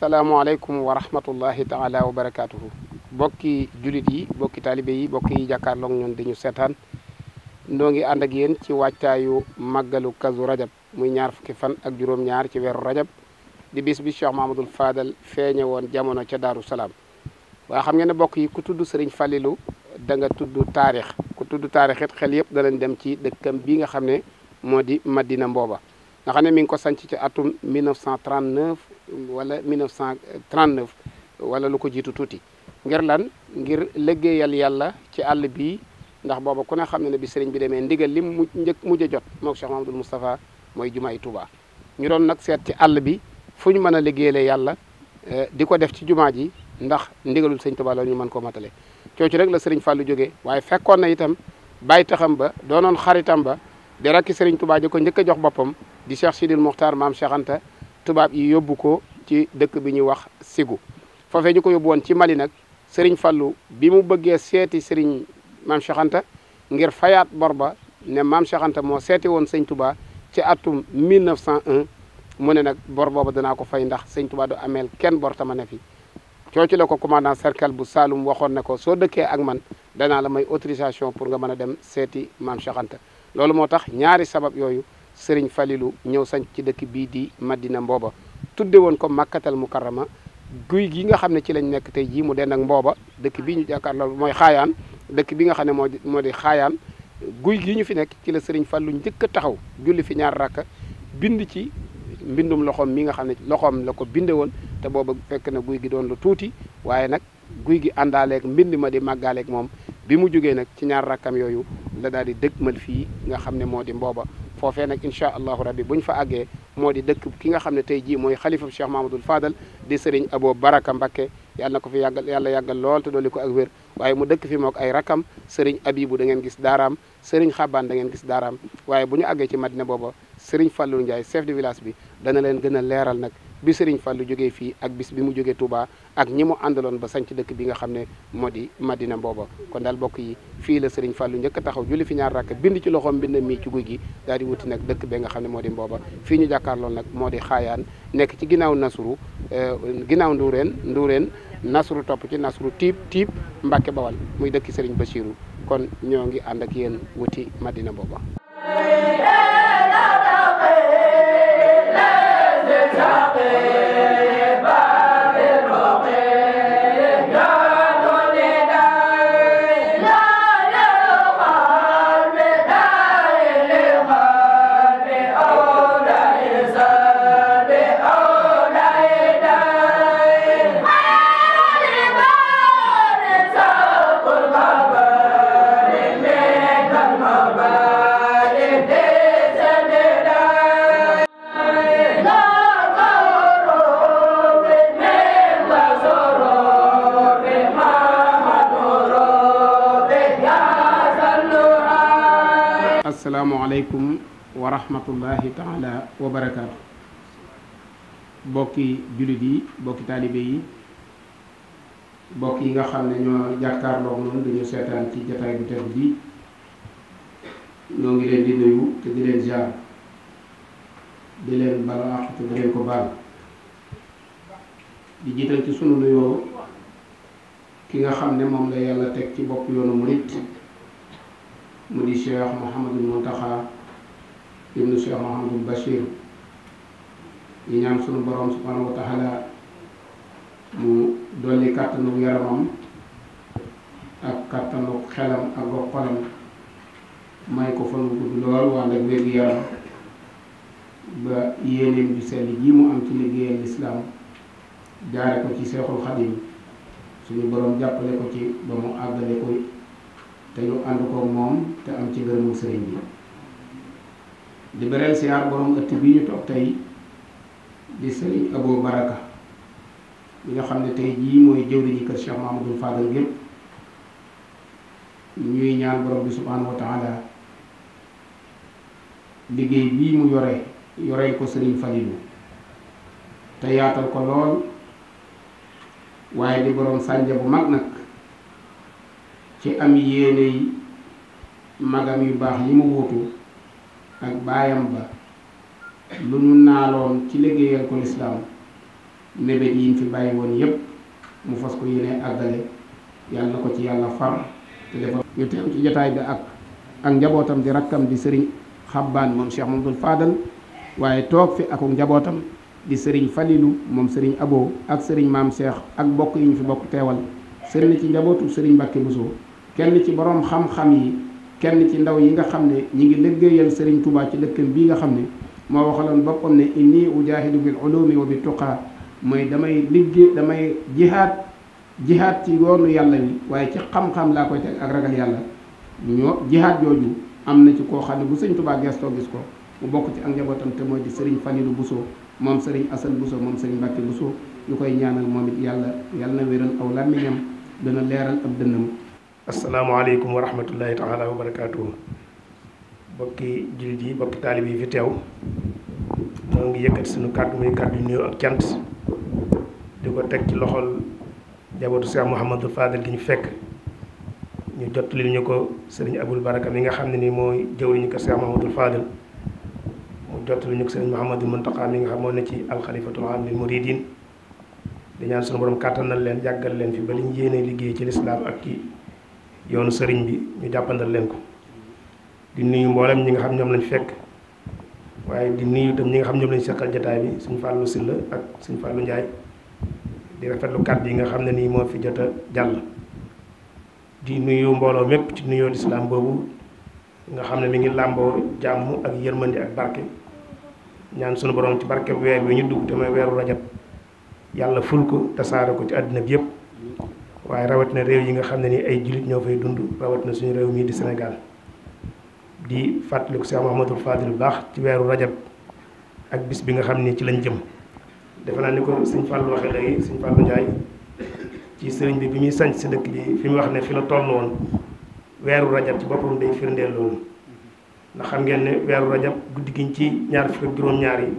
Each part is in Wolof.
salaamualeykum wa rahmatullahi taala wa barakaatuhu bokki julit yi bokki taalibe yi bokki yi jàkkaarloog ñun dañu seetaan noo ngi ànd ak yéen ci wàccaayu màggalu kazu rajab muy ñaar fukki fan ak juróom-ñaar ci weeru rajab di bis bi Cheikh Mahamadul Fadal feeñe woon jamono ca Daaru Salaam waa xam ngeen ne bokk yi ku tudd Sëriñ falilu da nga tudd taarix ku tudd taarix it xel yëpp danañ dem ci dëkkam bi nga xam ne moo di Madina Mbooba nga xam ne mi ngi ko sanc ci atum 1939 wala 1939 wala lu ko jiitu tuuti ngir lan ngir liggéeyal yàlla ci àll bi ndax booba ku ne xam ne ne bi sëriñ bi demee ndigal li mu njëkk mujj a jot mook Cheikh Mahamadul Moustapha mooy jumaay Touba ñu doon nag seet ci àll bi fu ñu mën a liggéeyale yàlla eh, di ko def ci jumaa ji ndax ndigalul sëñ Touba la ñu mën koo matale coocu rek la fa Fallou jógee waaye fekkoon na itam bàyyi taxam ba doonoon xaritam ba di rakki sëriñ Touba ji ko njëkk jox boppam di Cheikh Sidil Mokhtar maam Cheikh tubaab yi yóbbu ko ci dëkk bi ñuy wax Sigu foofee ñu ko yóbbu woon ci Mali nag Serigne fallu bi mu bëggee seeti Serigne maam Cheikh ngir fayaat bor ba ne maam Cheikh moo seeti woon sëñ Touba ci atum 1901 mu ne nag bor booba danaa ko fay ndax sëñ Touba du ameel kenn bor ma ne fi cooci la ko commandant cercle bu Saloum waxoon ne ko soo dëkkee ak man danaa la may autorisation pour nga mën a dem seeti maam Cheikh loolu moo tax ñaari sabab yooyu. sëriñ Falilou ñëw sanc ci dëkk bii di maddina Mbooba tudde woon ko Makkatal Mukarrama guy gi nga xam ne ci lañ nekk tey jii mu den ak Mbooba dëkk bii ñu jàkkaar loolu mooy xaayaan dëkk bi nga xam ne moo moo di xaayaan guy gii ñu fi nekk ci la sëriñ Fallu njëkk a taxaw julli fi ñaar rakka bind ci mbindum loxoom mi nga xam ne loxoom la ko binde woon te booba fekk na guy gi doon lu tuuti waaye nag guy gi àndaaleeg mbind ma di màggaaleeg moom bi mu jógee nag ci ñaar rakkam yooyu la daal di dëgmal fii nga xam ne moo di mbooba foofee nag incha allahu rabbi bu ñu fa àggee moo di dëkk ki nga xam ne tey jii mooy xalifa Cheikh Mahamadul Fadal di sëriñ Abo Baraka mbake yàlla na ko fi yàggal yàlla yàggal lool te dolli ko ak wér waaye mu dëkk fi mook ay rakam sëriñ Abibu da ngeen gis daaraam sëriñ Xabaan da ngeen gis daaraam waaye bu ñu àggee ci madina booba Serigne Fallou Ndiaye chef de village bi dana leen gën a leeral nag bi Serigne Fallou jógee fii ak bis bi mu jógee Touba ak ñi mu àndaloon ba sanc dëkk bi nga xam ne moo di Madina mbooba kon daal bokk yi fii la Serigne Fallou njëkk a taxaw julli fi ñaar rakk bind ci loxoom mbind mii ci guy gi daal di wuti nag dëkk bee nga xam ne moo di mbooba fii ñu jàkkaarloon nag moo di xaayaan nekk ci ginnaaw nasuru eh, ginnaaw nduureen nduureen nasuru topp ci nasru tiib tiib Mbàkke Bawal muy dëkk Serigne Bassirou kon ñoo ngi ànd ak yéen wuti Madina mbooba rahmatullahi taala wa bokki jullit yi bokki taalibe yi bokk yi nga xam ne ñoo jàkkaarloo noonu dañu seetaan ci jataay bu tedd bi ñoo ngi leen di nuyu te di leen jaar di leen bala te di leen ko baal di jiital ci sunu nuyoo ki nga xam ne moom la yàlla teg ci bopp yoonu murit mu di Cheikh Mouhamadul Mountakha ibnu Cheikh Mouhamadul Bachir yi ñaan sunu borom subhanahu wa taala mu dolli kàttanu yaramam ak kàttanu xelam ak bopp may ko fan gudd lool wàll ak wér yaram ba yéenéen ju sell ji mu am ci liggéeyal lislaam jaare ko ci Seexul Xadim suñu borom jàppale ko ci ba mu àggale ko te ñu ànd ko moom te am ci ngërëmu sëriñ bi di bereel siyaar borom ëtt bi ñu toog tey di sëriñ Abo Baraka bi nga xam ne tey jii mooy jëwriñu kër Cheikh Mahamadou Fadal gépp ñuy ñaan borom bi subhanahu wa liggéey bii mu yore yoreel ko sëriñ Falilu te yaatal ko lool waaye di borom sànja bu mag nag ci am yéene magam yu baax yi mu wuutu ak baayam ba lu ñu naaloon ci liggéeyal ko lislaam mébét yi ñu fi bàyyi woon yépp mu fas ko yéene àggale yàlla ko ci yàlla far te defal ñu teew ci jataay bi ak ak njabootam di rakkam di sëriñ xabbaan moom Cheikh Mamadou Fadal waaye toog fi ak njabootam di sëriñ falilu moom sëriñ aboo ak sëriñ maam Cheikh ak bokk yi ñu fi bokk teewal sëriñ ci njabootu sëriñ Mbàkke Bousso kenn ci borom xam-xam yi kenn ci ndaw yi nga xam ne ñi ngi liggéeyal Serigne Touba ci dëkkam bii nga xam ne moo waxaloon boppam ne inni ujaahidu bil ulumi wa bi tuqaa mooy damay liggéey damay jihaad jihaad ci yoonu yàlla waaye ci xam laa koy teg ak ragal yàlla ñoo jihaad jooju am na ci koo xam ne bu Serigne Touba gestoo gis ko mu bokk ci ak njabootam te mooy di Serigne Fanilu Bousso moom Serigne Assane Bousso moom Serigne Mbacke Bousso ñu koy ñaanal moom it yàlla yàlla na wéral aw làmmiñam dana leeral ab dënnam asalaamaaleykum wa rahmatullahi taala wa barakaatuhu bokki jullit yi bokki taalib yi fi teew moo ngi yëkkati suñu kàddu muy kàddu nuyoo ak cant di ko teg ci loxol jabootu Cheikh Mouhamadul Fadel gi ñu fekk ñu jot li ñu ko sëriñ Abul Baraka mi nga xam ne ni mooy jëwriñu ko Cheikh Mouhamadul Fadel mu jot li ñu ko sëriñ Mouhamadul Muntaqa mi nga xam moo ne ci alxalifatul aam lil muridin di ñaan suñu borom kàttanal leen yàggal leen fi ba liñ yéene liggéey ci lislaam ak ci yoonu sëriñ bi ñu jàppandal leen ko di nuyu mboolem ñi nga xam ñoom lañu fekk waaye di nuyu dem ñi nga xam ñoom lañu seqal jataay bi suñ Fallou Sylla ak suñ Fallou Ndiaye di rafetlu kàddu yi nga xam ne nii moo fi jot a jàll di nuyu mbooloo mépp ci nuyoo lislaam boobu nga xam ne mi ngi làmboo jàmm ak yërmandi ak barke ñaan sunu borom ci barke weer bi ñu dugg te mooy weeru rajab yàlla ful ko tasaare ko ci àddina bi yëpp waaye rawatina réew yi nga xam ne ni ay jullit ñoo fay dund na suñu réew mii di senegal di fàttaliku Cheikh Mouhamadou Fadil bu baax ci weeru rajab ak bis bi nga xam ni ci lañ jëm defe naa ni ko sëñ Fallou waxee léegi sëñ Fallou Ndiaye ci sëriñ bi bi muy sanc si dëkk bi fi mu wax ne fi la toll weeru rajab ci boppam day firndeel loolu ndax xam ngeen ne weeru rajab guddi giñ ci ñaar fukk ak juróom-ñaar yi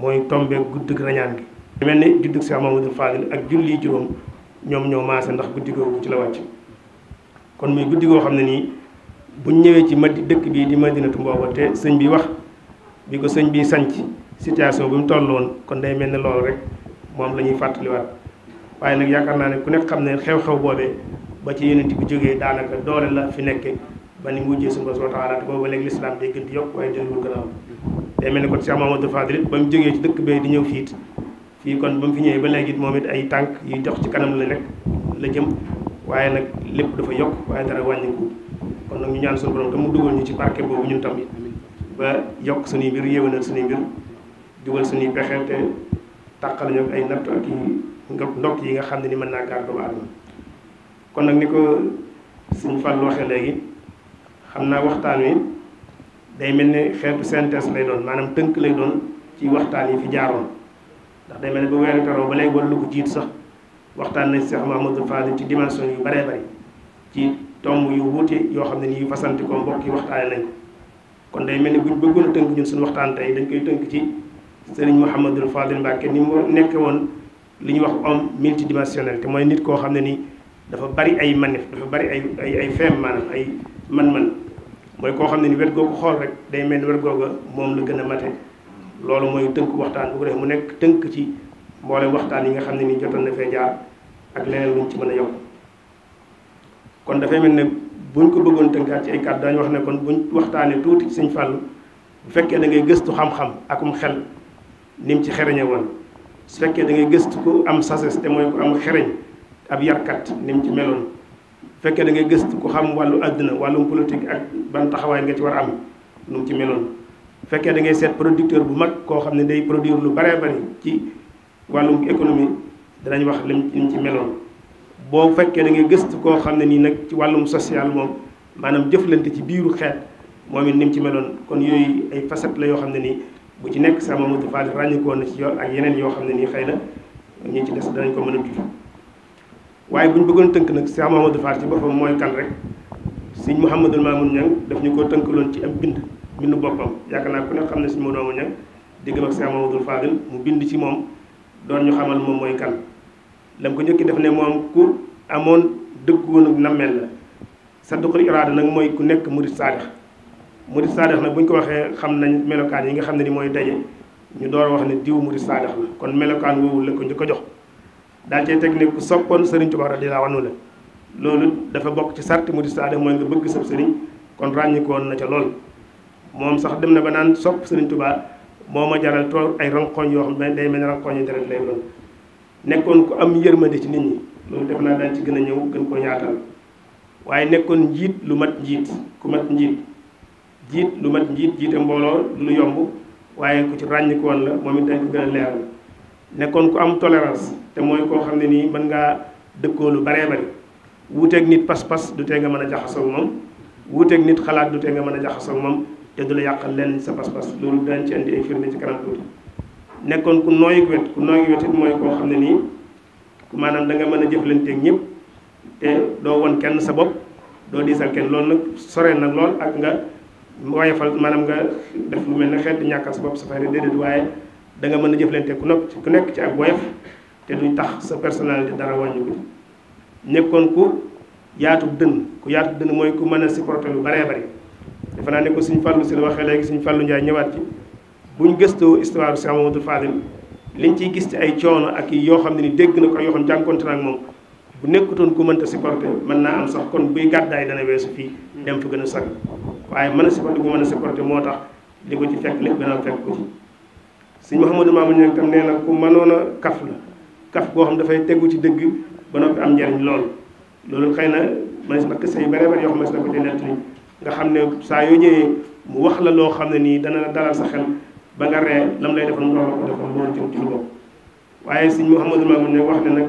mooy tombee guddig rañaan gi. mel ni juddug Cheikh Mouhamadou Fadil ak julli juróom ñoom ñoo maase ndax guddi googu ci la wàcc kon muy guddi koo xam ne nii buñ ñëwee ci madi dëkk bii di madinatu mbooba te sëñ bi wax bi ko sëñ bi sanc situation bi mu toll woon kon day mel ne loolu rek moom lañuy fàttaliwaat waaye nag yaakaar naa ne ku nekk xam ne xew-xew boobee ba ci yonent bi jógee daanaka doole la fi nekke ba ni mujjee suñu borom taala te booba léegi lislaam day gën di yokk waaye la gannaaw day mel ne kon Cheikh Mamadou Fadil ba mu jógee ci dëkk bee di ñëw fiit fii kon ba mu fi ñëwee ba léegi moom it ay tànk yuy jox ci kanam la rek la jëm waaye nag lépp dafa yokk waaye dara wàññiku kon nag ñu ñaan suñu borom mu dugal ñu ci barke boobu ñun tamit ba yokk suñuy mbir yéwénal suñuy mbir dugal suñuy pexe te tàqal ñu ay natt ak i ndokk yi nga xam ne ni mën naa gaar doomu aadama kon nag ni ko suñu fàll waxee léegi xam naa waxtaan wi day mel ni xeetu synthèse lay doon maanaam tënk lay doon ci waxtaan yi fi jaaroon ndax day mel ne bu weeru taroo ba léegi wala lu ko jiit sax waxtaan nañ Cheikh Mahamadou Fadil ci dimension yu baree bari ci tomb yu wuute yoo xam ne nii yu fasanti ko mbokk yi nañ ko kon day mel ni buñ bëggoon a tënk ñun suñu waxtaan tey dañ koy tënk ci sëriñ Mouhamadou Fadil Mbacke ni mu nekk woon li ñuy wax homme multidimensionnel te mooy nit koo xam ne nii dafa bari ay man manif dafa bari ay ay ay feem ay man-man mooy koo xam ne ni wet googu xool rek day mel ni moom la gën a mate loolu mooy tënk waxtaan bu ko mu nekk tënk ci mboolem waxtaan yi nga xam ne ni jotoon na fee jaar ak leneen luñ ci mën a yokk kon dafay mel ne buñ ko bëggoon tënkaat ci ay kàddu daañu wax ne kon buñ waxtaanee tuuti ci Sëñ Fallu bu fekkee da ngay gëstu xam-xam akum xel ni ci xereñe woon su da ngay gëstu ko am sases te mooy ko am xereñ ab yarkat ni mu ci meloon fekkee da ngay gëstu ko xam wàllu àddina wàllum politique ak ban taxawaay nga ci war a am nu ci meloon fekkee da ngay seet producteur bu mag koo xam ne day produire lu bare bari ci wàllum économie danañ wax lim ci meloon boo fekkee da ngay gëstu koo xam ne nii nag ci wàllum social moom maanaam jëflante ci biiru xeet moom it ni ci meloon kon yooyu ay facettes la yoo xam ne nii bu ci nekk moom Mamadou Fall ràññikoo na ci yoon ak yeneen yoo xam ne nii xëy na ñu ci des danañ ko mën a jur waaye bu ñu bëggoon tënk nag sama Mamadou Fall ci boppam mooy kan rek sëñ Mouhamadul Mamoun Niang daf ñu ko tënkaloon ci am bind bindu boppam yaakaar naa ku ne xam ne suñu mënoo ma ñëw diggam ak Cheikh Mamadou Fadil mu bind ci moom doon ñu xamal moom mooy kan. lam ko njëkki def ne moom ku amoon dëggoon nammeel la saduqul iraada nag mooy ku nekk murid saadix murid saadix nag bu ñu ko waxee xam nañ melokaan yi nga xam ne ni mooy daje ñu door wax ne diw murid saadix la kon melokaan woowu la ko njëkk a jox. daal cee teg ne ku soppoon Serigne Touba radiyallaahu anhu la loolu dafa bokk ci sart murid saadix mooy nga bëgg sab Serigne kon ràññikoon na ca lool. moom sax dem na ba naan sopp Serigne Touba moo ma jaral tool ay rankoñ yoo xam ne day mel ne rankoñ yu deret lay doon nekkoon ku am yërmande ci nit ñi loolu def naa daan ci gën a ñëw gën ko ñaatal waaye nekkoon njiit lu mat njiit ku mat njiit jiit lu mat njiit jiite mbooloo lu yomb waaye ku ci ràññiku woon la moom it dañ ko gën a leeral nekkoon ku am tolérance te mooy koo xam ne nii mën ngaa dëkkoo lu baree bari wuuteeg nit pas-pas du tee nga mën a jaxasoo moom wuuteeg nit xalaat du tee nga mën a jaxasoo moom te du la yàqal lenn sa pas-pas loolu daan ci andi ay firnde ci kanam tuuti nekkoon ku nooy wet ku nooy wet mooy koo xam ne nii maanaam da nga mën a jëflanteeg ñëpp te doo won kenn sa bopp doo diisal kenn loolu nag sore na lool ak nga woyofal maanaam nga def lu mel ne xet ñàkkal sa bopp sa fayda déedéet waaye danga mën a jëflanteeg ku nopp ku nekk ci ak woyof te duñ tax sa personnalité dara wàññi nekkoon ku yaatu dënn ku yaatu dënn mooy ku mën a supporter lu baree bari defe naa ne ko suñ fàllu si la waxee léegi suñ fàllu Ndiaye ñëwaat ci buñ gëstoo histoire Cheikh Mamadou Fadil liñ ciy gis ci ay coono ak yoo xam ne ni dégg na ko ak yoo xam ne jànkonte na ak moom bu nekkutoon ku mënta mën naa am sax kon buy gàddaay dana weesu fii dem gën a sag waaye mën a supporté bu mën a supporté moo tax li ko ci fekk lépp dana fekk ko ci suñ Mouhamadou Mamoun Niang tam nee na ku mënoon a kaf la kaf boo xam dafay tegu ci dëgg ba noppi am njariñ lool loolu xëy na mënees na kese yu bare bare yoo xam ne ko ci nett nga xam ne saa yoo ñëwee mu wax la loo xam ne nii dana la dalal sa xel ba nga ree lam lay defal mu dox la ko defal loolu jëm ci lu wax ne nag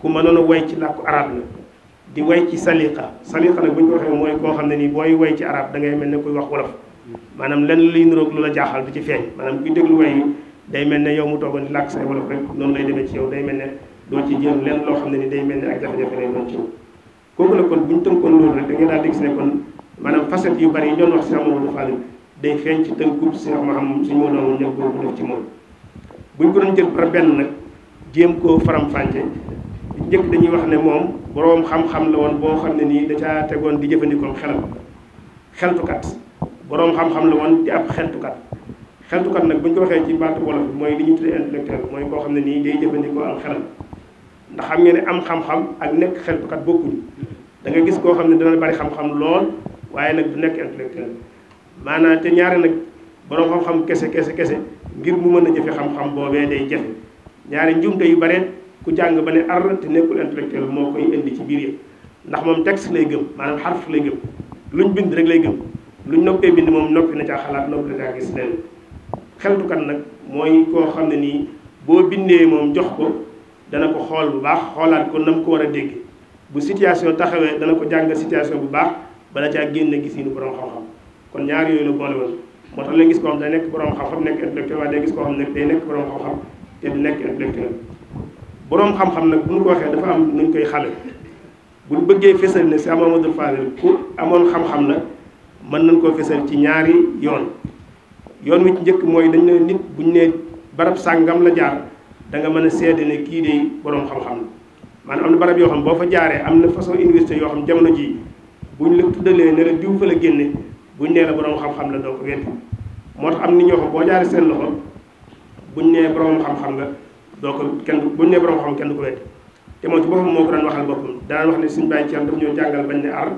ku mënoon a way ci làkku arab la di way ci saliqa saliqa nag bu ñu ko waxee mooy koo xam ne nii booy way ci arab da ngay mel ne kuy wax wolof maanaam lenn luy niroog lu la jaaxal du ci feeñ maanaam kuy day mel ne yow mu toogoon di làkk say wolof rek noonu lay demee ci yow day mel ne doo ci jël lenn loo xam ne ni day mel ne ak jafe-jafe lay doon ci kooku nag kon bu ñu tënkoon loolu rek da ngay daal di gis ne kon maanaam facette yu bari yi doon wax Cheikh Mamadou Fall day feeñ ci tënkub Cheikh Mahamad suñu ma doon ñëw boobu def ci moom buñ ko doon jël par benn nag jéem koo faramfànce fàcce njëkk dañuy wax ne moom boroom xam-xam la woon boo xam ne nii da caa tegoon di jëfandikoo xelam xeltukat boroom xam la woon di ab xeltukat xeltukat nag bu ko waxee ci baatu wolof mooy li ñu tuddee mooy koo xam ne nii day jëfandikoo am xelam ndax xam ngeen ne am xam-xam ak nekk xeltukat bokkuñu da gis koo xam ne dana bari xam-xam lool waaye nag bu nekk intellectuel maanaam te ñaari nag borom xam-xam kese kese kese ngir mu mën a jëfe xam-xam boobee day jafe ñaari njumte yu bare ku jàng ba ne ar te nekkul intellectuel moo koy indi ci biir yëpp ndax moom texte lay gëm maanaam xarf lay gëm ñu bind rek lay gëm luñ noppee bind moom noppi na caa xalaat noppi na caa gis leen xeltukat nag mooy koo xam ne nii boo bindee moom jox ko dana ko xool bu baax xoolaat ko nam ko war a dégg bu situation taxawee dana ko jàngal situation bu baax bala caa génn gis ñu borom xam-xam kon ñaari yooyu la boole woon moo tax lañ gis koo xam day nekk boroom xam-xam nekk intellectuel waaye day gis koo xam ne day nekk borom xam-xam te du nag bu ñu ko waxee dafa am nuñ koy xale bu ñu bëggee fésal ne si Amadou Fadel ku amoon xam-xam la mën nañ koo fésal ci ñaari yoon yoon wi ci njëkk mooy dañ ne nit ñu nee barab sàngam la jaar da nga mën a seede ne kii de boroom xam-xam la maanaam am na barab yoo xam boo fa jaaree am na façon université yoo xam jamono ji buñ la tuddalee ne la diw fa la génne buñ nee la borom xam-xam la doo ko weddi moo tax am ni ñoo xam boo jaaree seen loxo buñ nee boroom xam-xam nga doo ko kenn buñ nee borom xam kenn du ko weddi te moom ci boppam moo ko daan waxal boppam daan wax ne suñu bàyyi ci am daf ñoo jàngal bañ ne ar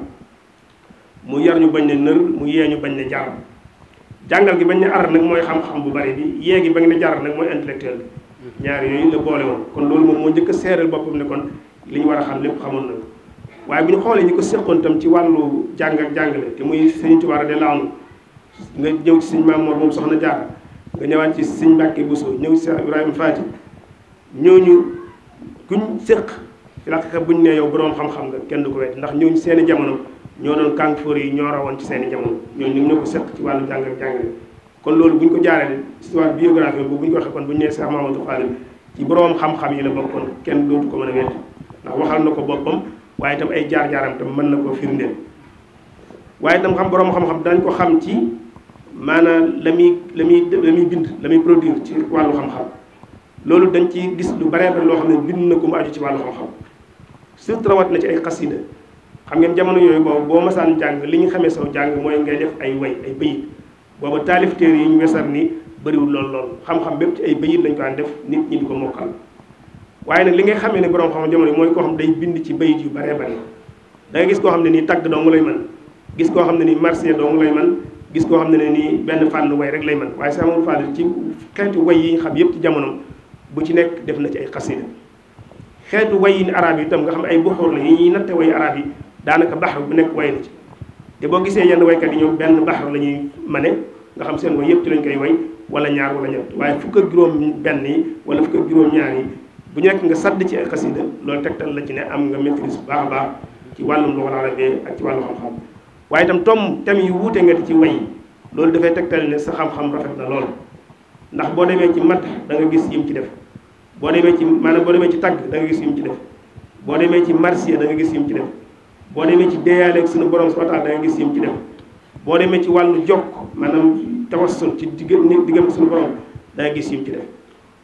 mu yar ñu bañ ne nër mu yee ñu bañ ne jaar jàngal gi bañ ne ar mooy xam-xam bu bari bi yee gi bañ ne jaar nag mooy intellectuel bi mm-hmm. ñaar yooyu la boole woon kon loolu moom moo njëkk a seeral boppam ne kon li ñu war a xam lépp xamoon na waaye bu ñu xoolee ñi ko seqoon tam ci wàllu jàng ak jàngale te muy sëñ Tuubaa de la nga ñëw ci sëñ Maam Mor moom soxna Jaara nga ci sëñ Mbàkke Bousso ñëw ci Cheikh Ibrahima Fati ñooñu kuñ séq ci laqaka buñ ne yow boroom xam-xam nga kenn du ko wet ndax ñooñu seen i jamono ñoo doon kànfoor yi ñoo rawoon ci seen i ñoo ñu ñoo ko seq ci wàllu jàng ak jàngale kon loolu buñ ko jaaree histoire biographie boobu bu ñu ko waxee kon buñ nee Cheikh Mamadou Khadim ci boroom xam-xam yi la bokkoon kenn dootu ko mën a wet ndax waxal na ko boppam waaye itam ay jaar-jaaram tam mën na koo firndeel waaye itam xam boroom xam-xam dañ ko xam ci maanaam la muy la muy la muy bind la muy produire ci wàllu xam-xam loolu dañ ci gis lu bare loo xam ne bind na ku mu aju ci wàllu xam-xam surtout rawat na ci ay xasida xam ngeen jamono yooyu boobu boo masaan jàng li ñu xamee saw jàng mooy ngay def ay way ay bayit boobu taalif téere yi ñu wesar ni bariwul lool lool xam-xam bépp ci ay bayit lañ ko def nit ñi di ko mokkal waaye nag li ngay xamee ne borom xam jamono mooy koo xam day bind ci bayit yu bare bare da nga gis koo xam ne nii tagg dong lay man gis koo xam ne nii marché dong lay man gis koo xam ne ne nii benn fànn way rek lay man waaye Cheikh Amadou Fadil ci xeetu way yi xam yëpp ci jamono bu ci nekk def na ci ay xasida xeetu wayin arab yi itam nga xam ay buxur la yi ñuy natte way arab yi daanaka baxar bu nekk way te boo gisee yenn waykat yi ñoom benn baxar la ñuy mane nga xam seen way yëpp lañ koy way wala ñaar wala ñett waaye fukk ak juróom benn yi wala fukk ak juróom ñaar yi bu nekk nga sadd ci ay xasida loolu tegtal la ci ne am nga maîtrise su baax a baax ci wàllum loxo la ak ci wàllu xam-xam waaye itam tom thèmes yi wuute nga di ci way loolu dafay tegtal ne sa xam-xam rafet na lool ndax boo demee ci mat da nga gis yim ci def boo demee ci maanaam boo demee ci tagg da nga ci def boo demee ci marsiya da nga gis yim ci def boo demee ci deeyaale ak sunu borom subhanahu wa ta'ala da nga gis yim ci def boo demee ci wàllu jokk maanaam tawassul ci digg diggam suñu borom da nga gis yim ci def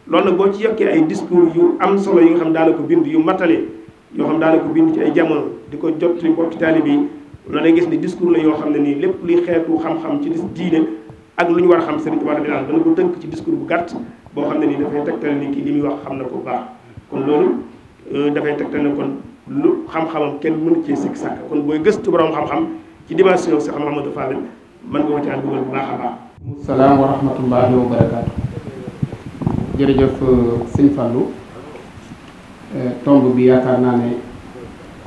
loolu nag boo ci yokkee ay discours yu am solo yi nga xam daana ko bind yu matale yoo xam daana ko bind ci ay jamono di ko jot ci mbokki taalibe yi loolu da gis ni discours la yoo xam ne nii lépp luy xeetu xam-xam ci diine ak lu ñu war a xam Sëriñ Tuubaa bi daan dana tënk ci discours bu gàtt boo xam ne nii dafay tegtal ni kii li muy wax xam na ko bu baax kon loolu euh, dafay tegtal lu xam-xamam kenn mënu cee sikk sàkk kon booy gëstu borom xam-xam ci dimension si xam Amadou Fall mën nga ko ci ànd dugal bu baax a baax. salaam wa rahmatullahi jërëjëf euh, sëñ Fallou euh, tomb bi yaakaar naa ne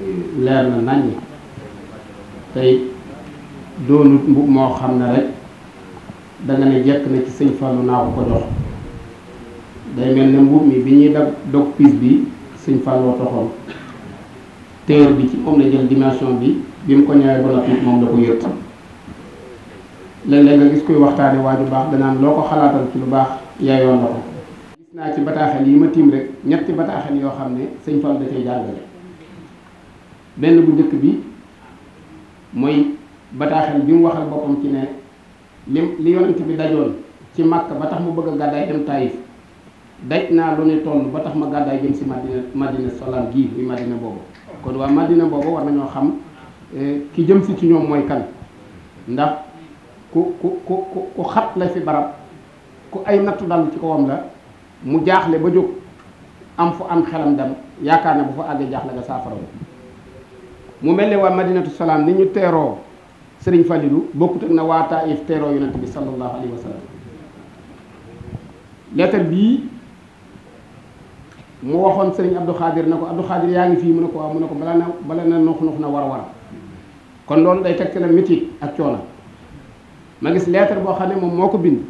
euh, leer na nañ tey doonut mbu moo xam ne rek danga ne jekk na ci sëñ Fallou naa ko ko jox day mel ne mbuub mi bi ñuy dagg dog piis bi sëñ Fallou toxoon téer bi ci moom la jël dimension bi bi mu ko ñëwee ba noppi moom la ko yët léeg-léeg nga gis koy waxtaane waa ju baax danaan loo ko xalaatal ci lu baax yaayoon la ko naa ci bataaxal yi ma tiim rek ñetti bataaxal yoo xam ne sëñ Fall da cay jàngale benn bu njëkk bi mooy bataaxel bi mu waxal boppam ci ne li li yonent bi dajoon ci Makka ba tax mu bëgg a gàddaay dem Taïf daj naa lu ne toll ba tax ma gàddaay jëm si Madina Madina Salaam gii muy Madina boobu kon waa Madina boobu war ñoo xam eh, ki jëm si ci ñoom mooy kan ndax ku ku ku ku xat la fi barab ku ay nattu dal ci kawam la mu jaaxle ba jóg am fu am xelam dem yaakaar ne bu fa àggee jaaxle nga saafara mu mel ne waa madinatu salaam ni ñu teeroo sëriñ Falilu bokkut ak na waa Taif teeroo yonent bi sallallahu alayhi wa leetar bii mu waxoon sëriñ Abdou Khadir na ko Abdou Khadir yaa ngi fii mu ne ko waaw mu ne ko bala na bala na nux nux na war a war kon loolu day teg ci la métit ak coono ma gis leetar boo xam ne moom moo ko bind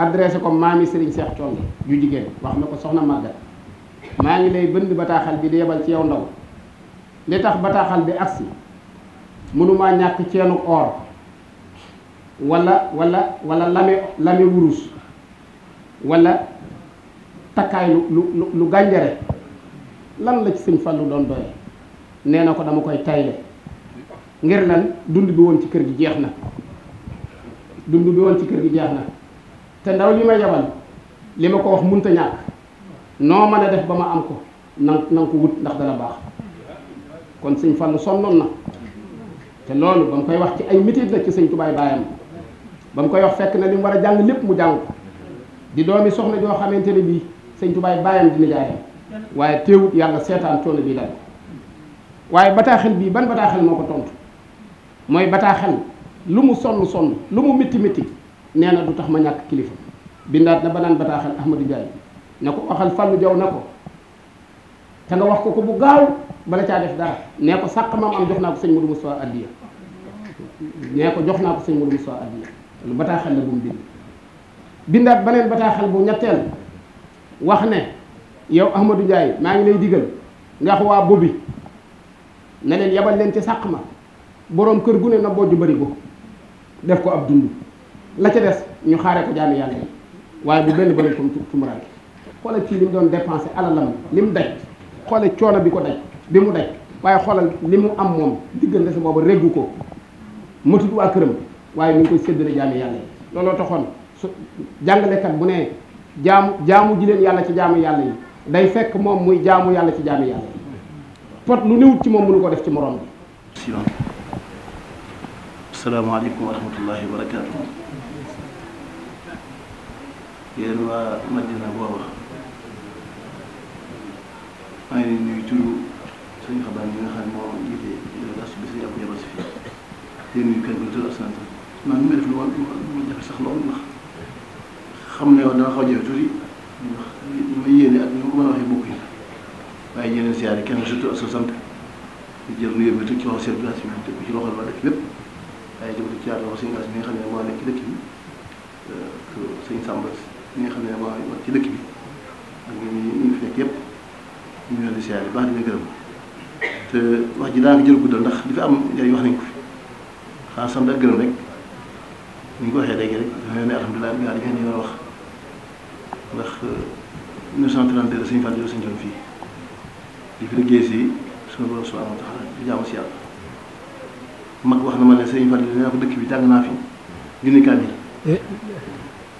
adressé ko maami Serigne Cheikh Thiondo ju jigéen wax na ko soxna Maguette maa ngi lay bënd bataaxal bi di yebal ci yow ndaw li tax bataaxal bi agsi mënumaa ñàkk ceenu or walla walla walla lame lame wurus wala takkaay lu lu lu gànjare lan la ci sëñ Fallou doon doye nee na ko dama koy tayle ngir lan dund bi woon ci kër gi jeex na dund bi woon ci kër gi jeex na te ndaw li ma yabal li ma ko wax munta ñàkk noo mën a def ba ma am ko nan na ko wut ndax dana baax kon sëñ Fallu sonnoon na te loolu ba mu koy wax ci ay mitit nag ci sëñ Tubaay baayam ba mu koy wax fekk na li mu a jàng lépp mu jàng ko di doomi soxna joo xamante ne bii sëñ Tubaay baayam dina jaayam waaye teewut yàlla seetaan coono bi dal waaye bataaxel bii ban bataaxel moo ko tontu mooy bataaxel lu mu sonn sonn lu mu métti métti nee na du tax ma ñàkk kilifa bindaat na banaan bataaxal Ahmadou Ndiaye ne ko waxal Fallou jaw na ko te nga wax ko ko bu gaaw bala caa def dara nee ko sàq maam am jox naa ko sëñ Modou Moustapha addiya nee ko jox naa ko sëñ Modou Moustapha addiya lu bataaxal la bu mu bind bindaat beneen bataaxal bu ñetteel wax ne yow Ahmadou Ndiaye maa ngi lay digal nga wax waa bobi ne leen yabal leen ci sàq ma boroom kër gu ne na bojju bari ko def ko ab dund la ca des ñu xaaree ko jaami yàlla yi waaye bu benn bëri comme tumuraanke xoolal ci li mu doon dépensé alalam li mu daj xoolal coono bi ko daj bi mu daj waaye xoolal li mu am moom diggante sa boobu réggu ko matut waa këram waaye mi ngi koy séddale jaami yàlla yi looloo taxoon su jàngalekat bu ne jaamu jaamu ji leen yàlla ci jaamu yàlla yi day fekk moom muy jaamu yàlla ci jaamu yàlla yi pot lu niwut ci moom mënu koo def ci morom bi. salaamaaleykum wa rahmatullahi yéen waa Madina booba maa ngi leen turu suñu xabaar yi nga xam ne moo jiite délégation bi suñu sant man mi def lu ma lu jafe sax loolu ndax xam ne ak ni ko a waxee bokkuñ waaye yéeneen si yaay kenn surtout ak ci loxo service bi teg ko ci loxo la def ñi nga xam ne waa wax ci dëkk bi ak ñi ñu fi nekk yëpp ñu ngi baax di la wax ji daanaka jël guddal ndax li fi am njëriñ wax nañ ko fi xanaa sant ak gërëm rek ñu ko waxee léegi rek dafa ne alhamdulilah gaa yi ngeen wax ndax 1932 euh, la sëñ Fall jël sëñ John fii li fi si suñu borom subhanahu wa taala di mag wax na ma ne sëñ Fall dinaa ko dëkk bi jàng naa fi junni kaamil eh.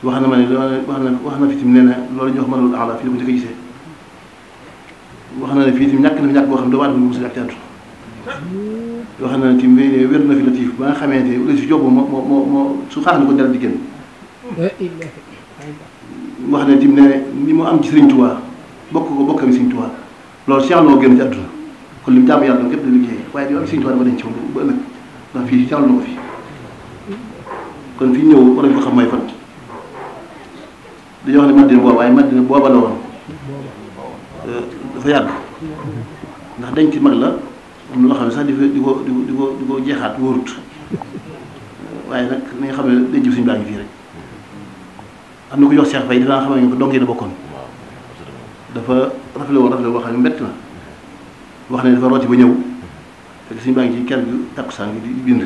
wax na ma ne wax na wax na fi tam nee na loolu ñu wax mënul ala fii la ko njëkk wax na ne fii tam ñàkk na fi ñàkk boo xam ne doomu aadama musul ak ci ne tim wér na fi latif ba nga xamante ne aussi ni wax na tim ne mu am ci Sëriñ Tuubaa bokk ko bokkam Sëriñ Tuubaa loolu Cheikh Lo génn ci àdduna kon li mu jaamu yàlla képp di liggéey waaye di am Sëriñ Tuubaa dafa denc ba ëllëg ndax fii Cheikh Lo ko fi kon fi ñëw war nañ xam mooy fan di wax ne Madina booba waaye Madina booba la woon euh, dafa yàgg ndax denc mag la am na xam ne sax di ko di ko di ko di ko jeexaat wóorut waaye nag li xam ne denc bi suñu baa fii rek na ku jox Cheikh Faye dinaa xam ne ko dong yéen a bokkoon dafa rafetlu woon rafetlu boo xam ne wax ne dafa rooti ba ñëw fekk suñu baa ngi ci kër gi takkusaan gi di bind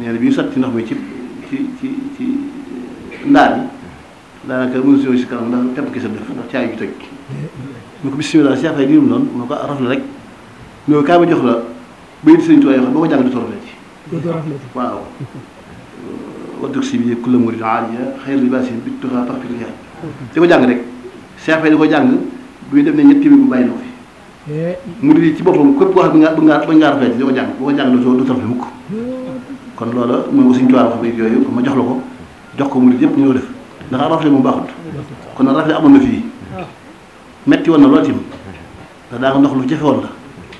nee bi ñu sotti ndox mi ci ci ci ci ndaar yi daanaka mënu si si kanam ndax tepp gisam def ndax caay ju toj ñu ko bisimilah si affaire mu ko ah, raf rek ñoo kaa ma jox la bay di sëñ tuwaay yoo xam boo ko jàng du si bi kulla murid aaliya xëy li basin bi tufa tax rek si affaire yi di ko jàng bu ñu def ne ñetti bi bu bàyyi na ko fi eh. murid yi ci boppam képp wax bi nga ba nga ba nga rafle ci di ko jàng ko kon loola mooy ko sëñ yooyu ma jox la ko jox ko murid yëpp ñoo def ndax rafle mu baaxut kon na rafle amoon na fii metti woon na lool tim ndax daa ndox lu jafe woon la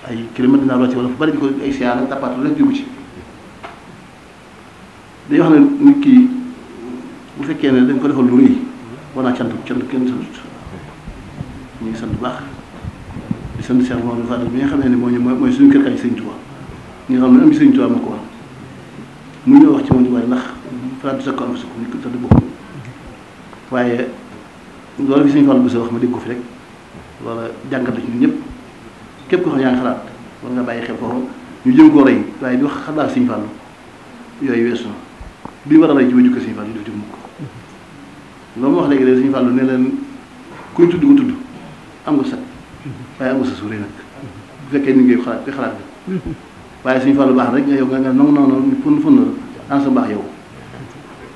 ay kilomètre naa lool wala fu bari di ko ay siyaar ak tappaat rek jógu ci day wax ne nit ki bu fekkee ne dañ ko defal lu rëy war naa cant cant kenn santut ñu ngi sant bu baax di sant Cheikh Mouhamadou Fadel bi nga xam ne mooy mooy suñu kër kaay Sëñ Tuubaa ñi nga xam ne am Sëñ Tuubaa moo ko war mu ñëw wax ci moom waaye ndax Fatou Seck am na sukk nit ko tëdd boobu waaye loolu bi suñu fàll bu soo wax ma dégg ko fi rek walla jàngat la ci ñun ñëpp képp ko xam yaa ngi xalaat war nga bàyyi xel ko ñu jëm koo rey waaye di wax xalaat suñu fàll yooyu weesu na a rey ci ba jukka suñu def ci wax léegi de suñu fàll ne leen kuñ tudd nga tudd am nga sa suuree bu fekkee ni ngay xalaat koy xalaat bi waaye suñu fàllu baax rek nga yow nga nga non non non fën fën la sa baax yow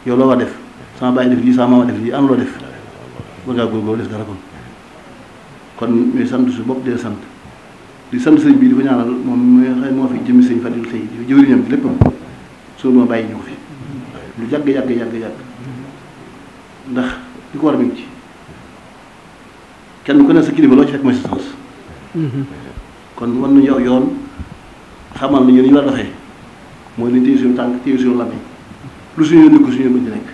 yow loo war def sama bàyyi def lii sama maama def lii am loo def war ngaa góorgóorlu def dara kon kon ñuy sant su bopp dee sant di sant sëñ bi di ko ñaanal moom muy xëy moo fi jëmmi sëñ Fadil tey di jëwriñam bi léppam soo ñu ko fi lu yàgg yàgg yàgg yàgg ndax ko war ku ne sa kilifa loo ci fekk mooy kon wan nañu yow yoon xamal nañu ni ñu war a doxee mooy ni téye suñu tànk téye suñu lame lu suñu yoon ni ko suñu yoon bañ ci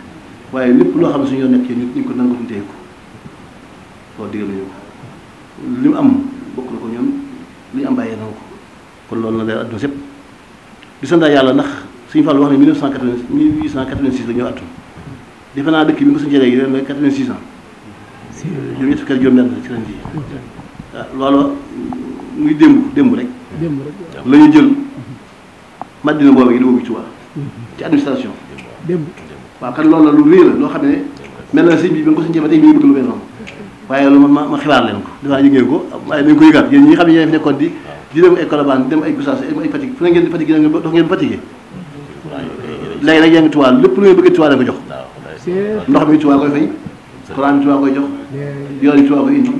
waaye lépp loo xam ne suñu yoon nekk ñu ñu ko nangu ko téye ko loolu digal nañu ko li mu am bokk na ko ñoom li ñu am bàyyee na ko kon loolu na leer adduna sépp di santaa yàlla ndax suñu Fall wax ne 1986 1886 la ñëw attu defe naa dëkk bi nga suñu léegi ren 86 ans juróom-ñett fukki at juróom-benn ci ren ji waaw ah, loolu muy démb démb rek la ñu jël Madina boobu yi di woobu ci waa ci administration démb waaw kat loolu la lu réer loo xam ne mel na sëñ bi ba nga ko sëñ ba tey mi ngi bëgg lu mel noonu waaye ma ma xibaar leen ko dinaa yëgee ko waaye nañ ko yëgaat yéen ñi xam ne yéen fi nekkoon dem ay Colobane dem ay Gossas ay Fatick fu ne ngeen di Fatick ngeen dox ngeen fatigué léegi nag yaa ngi Touba lépp lu ngeen bëgg Touba la ko jox ndox mi Touba koy fay courant bi Touba koy jox ko yi Touba koy indi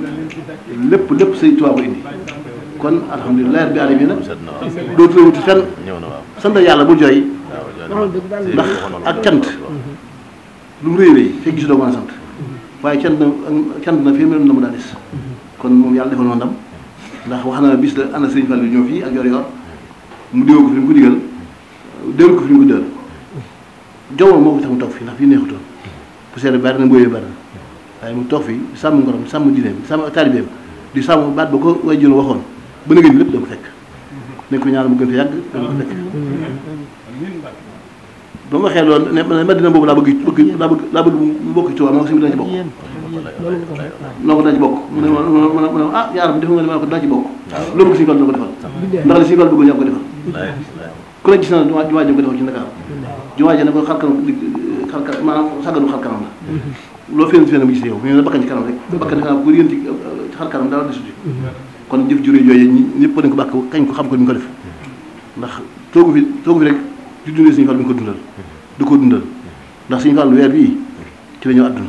lépp lépp sëñ Touba koy indi kon alhamdulilah bi alamin nag dootu la wuti fenn sant yàlla bu jooy ndax ak cant lu mu réy réy fekk gisu doo mën a sant waaye cant na fii mel na mu daa des kon moom yàlla defal ma ndam ndax wax na bis la ana sëriñ Fall bi ñëw fii ak yor yor mu déw ko fi mu ko digal déwél ko fi mu ko déwél jowoon moo ko tax mu toog bari na mbooyee bari na mu toog fii sàmm ngorom sàmm dineem sàmm taalibeem di sàmm baat ba ko way jël waxoon ba nëgëj lépp da ko fekk mm-hmm. nañ ko mu gën a yàgg ba mu waxee loolu ne Madina boobu laa bëgg bëgg laa bëgg laa bëgg mu bokk ci Tuubaa moom si dina ci bokk noo ko daa ci bokk mu ne mu ne ah yaaram def nga ne ma ko daa ci bokk loolu ko siñu ko defal ndax li siñu ko bëgg ñaa ko defal ku ne gis na jumaa ji ko defal ci Ndakaaru jumaa ji mm-hmm. ne ko xarkanam xarkanam maanaam sàgganu xarkanam la loo fenn fenn mu gis yow mu ne bakkan ci kanam rek bakkan euh, euh, ci kanam ku yéen ci xarkanam dara desuti kon jëf juré jooyu ñëpp nañ ko bàkk kañ ko xam ko ñu ko def mm-hmm. ndax toogu fi toogu fi rek di dundee suñu fàll du ko dundal du ko dundal ndax suñu fàll weer bii ci la ñëw àdduna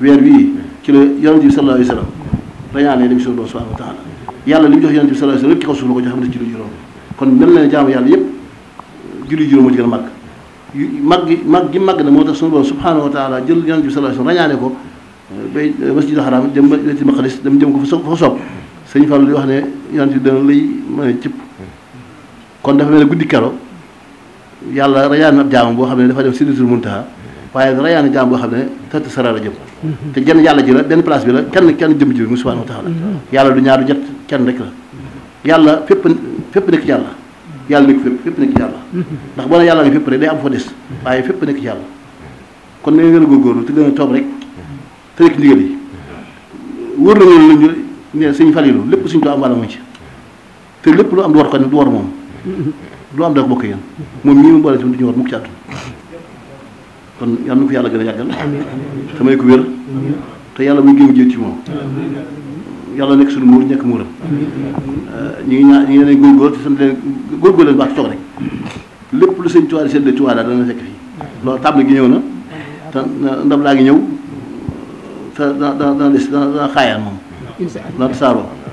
weer bii ci la yonent bi sallallahu alayhi wa sallam rañaanee dem si suñu borom subhanahu yàlla li mu jox yonent bi sallallahu alayhi wa sallam lépp ci kaw ko jox xam ne mel na yàlla yëpp julli juróom moo ci gën mag gi mag gi mag na moo tax suñu borom subhanahu jël yonent bi sallallahu alayhi wa sallam rañaane ko bay masjidul haram dem baytul maqdis jëm ko fa soob sëñ Fall di wax ne yonent bi dana lay mën a cëpp kon dafa mel guddi kero yàlla rayaan na jaamam boo xam ne dafa dem sidratul muntaha waaye rayaan na jaam boo xam ne tëtt saraar a jëm yàlla ji la benn place bi kenn kenn jëm ji bi mu subhanahu wa taala yàlla du ñaar du kenn rek la yàlla fépp fépp nekk yàlla yàlla nekk fépp fépp nekk yàlla ndax boo ne yàlla nga fépp rek am fa des waaye fépp nekk yàlla kon nañ gën a góorgóorlu te gën a toog rek te rek ndigal yi na ne suñu falilu lépp suñu doo am wàlla ci te lépp lu am du war ko ne du war moom lu am dara bokk yéen moom ñii mu boole tamit du ñu mukk ci kon yal na ko yàlla gën a yàggal te may ko wér te yàlla muy génn jël ci moom yàlla nekk suñu muur nekk muuram ñu ngi ñaan ñu ngi leen góorgóor te sant leen góorgóor leen baax toog rek lépp lu seen tuwaay seen de tuwaay daal dana fekk fii loolu table gi ñëw na te ndab laa ngi ñëw te dana dana des dana xaayaan moom dana tasaaroo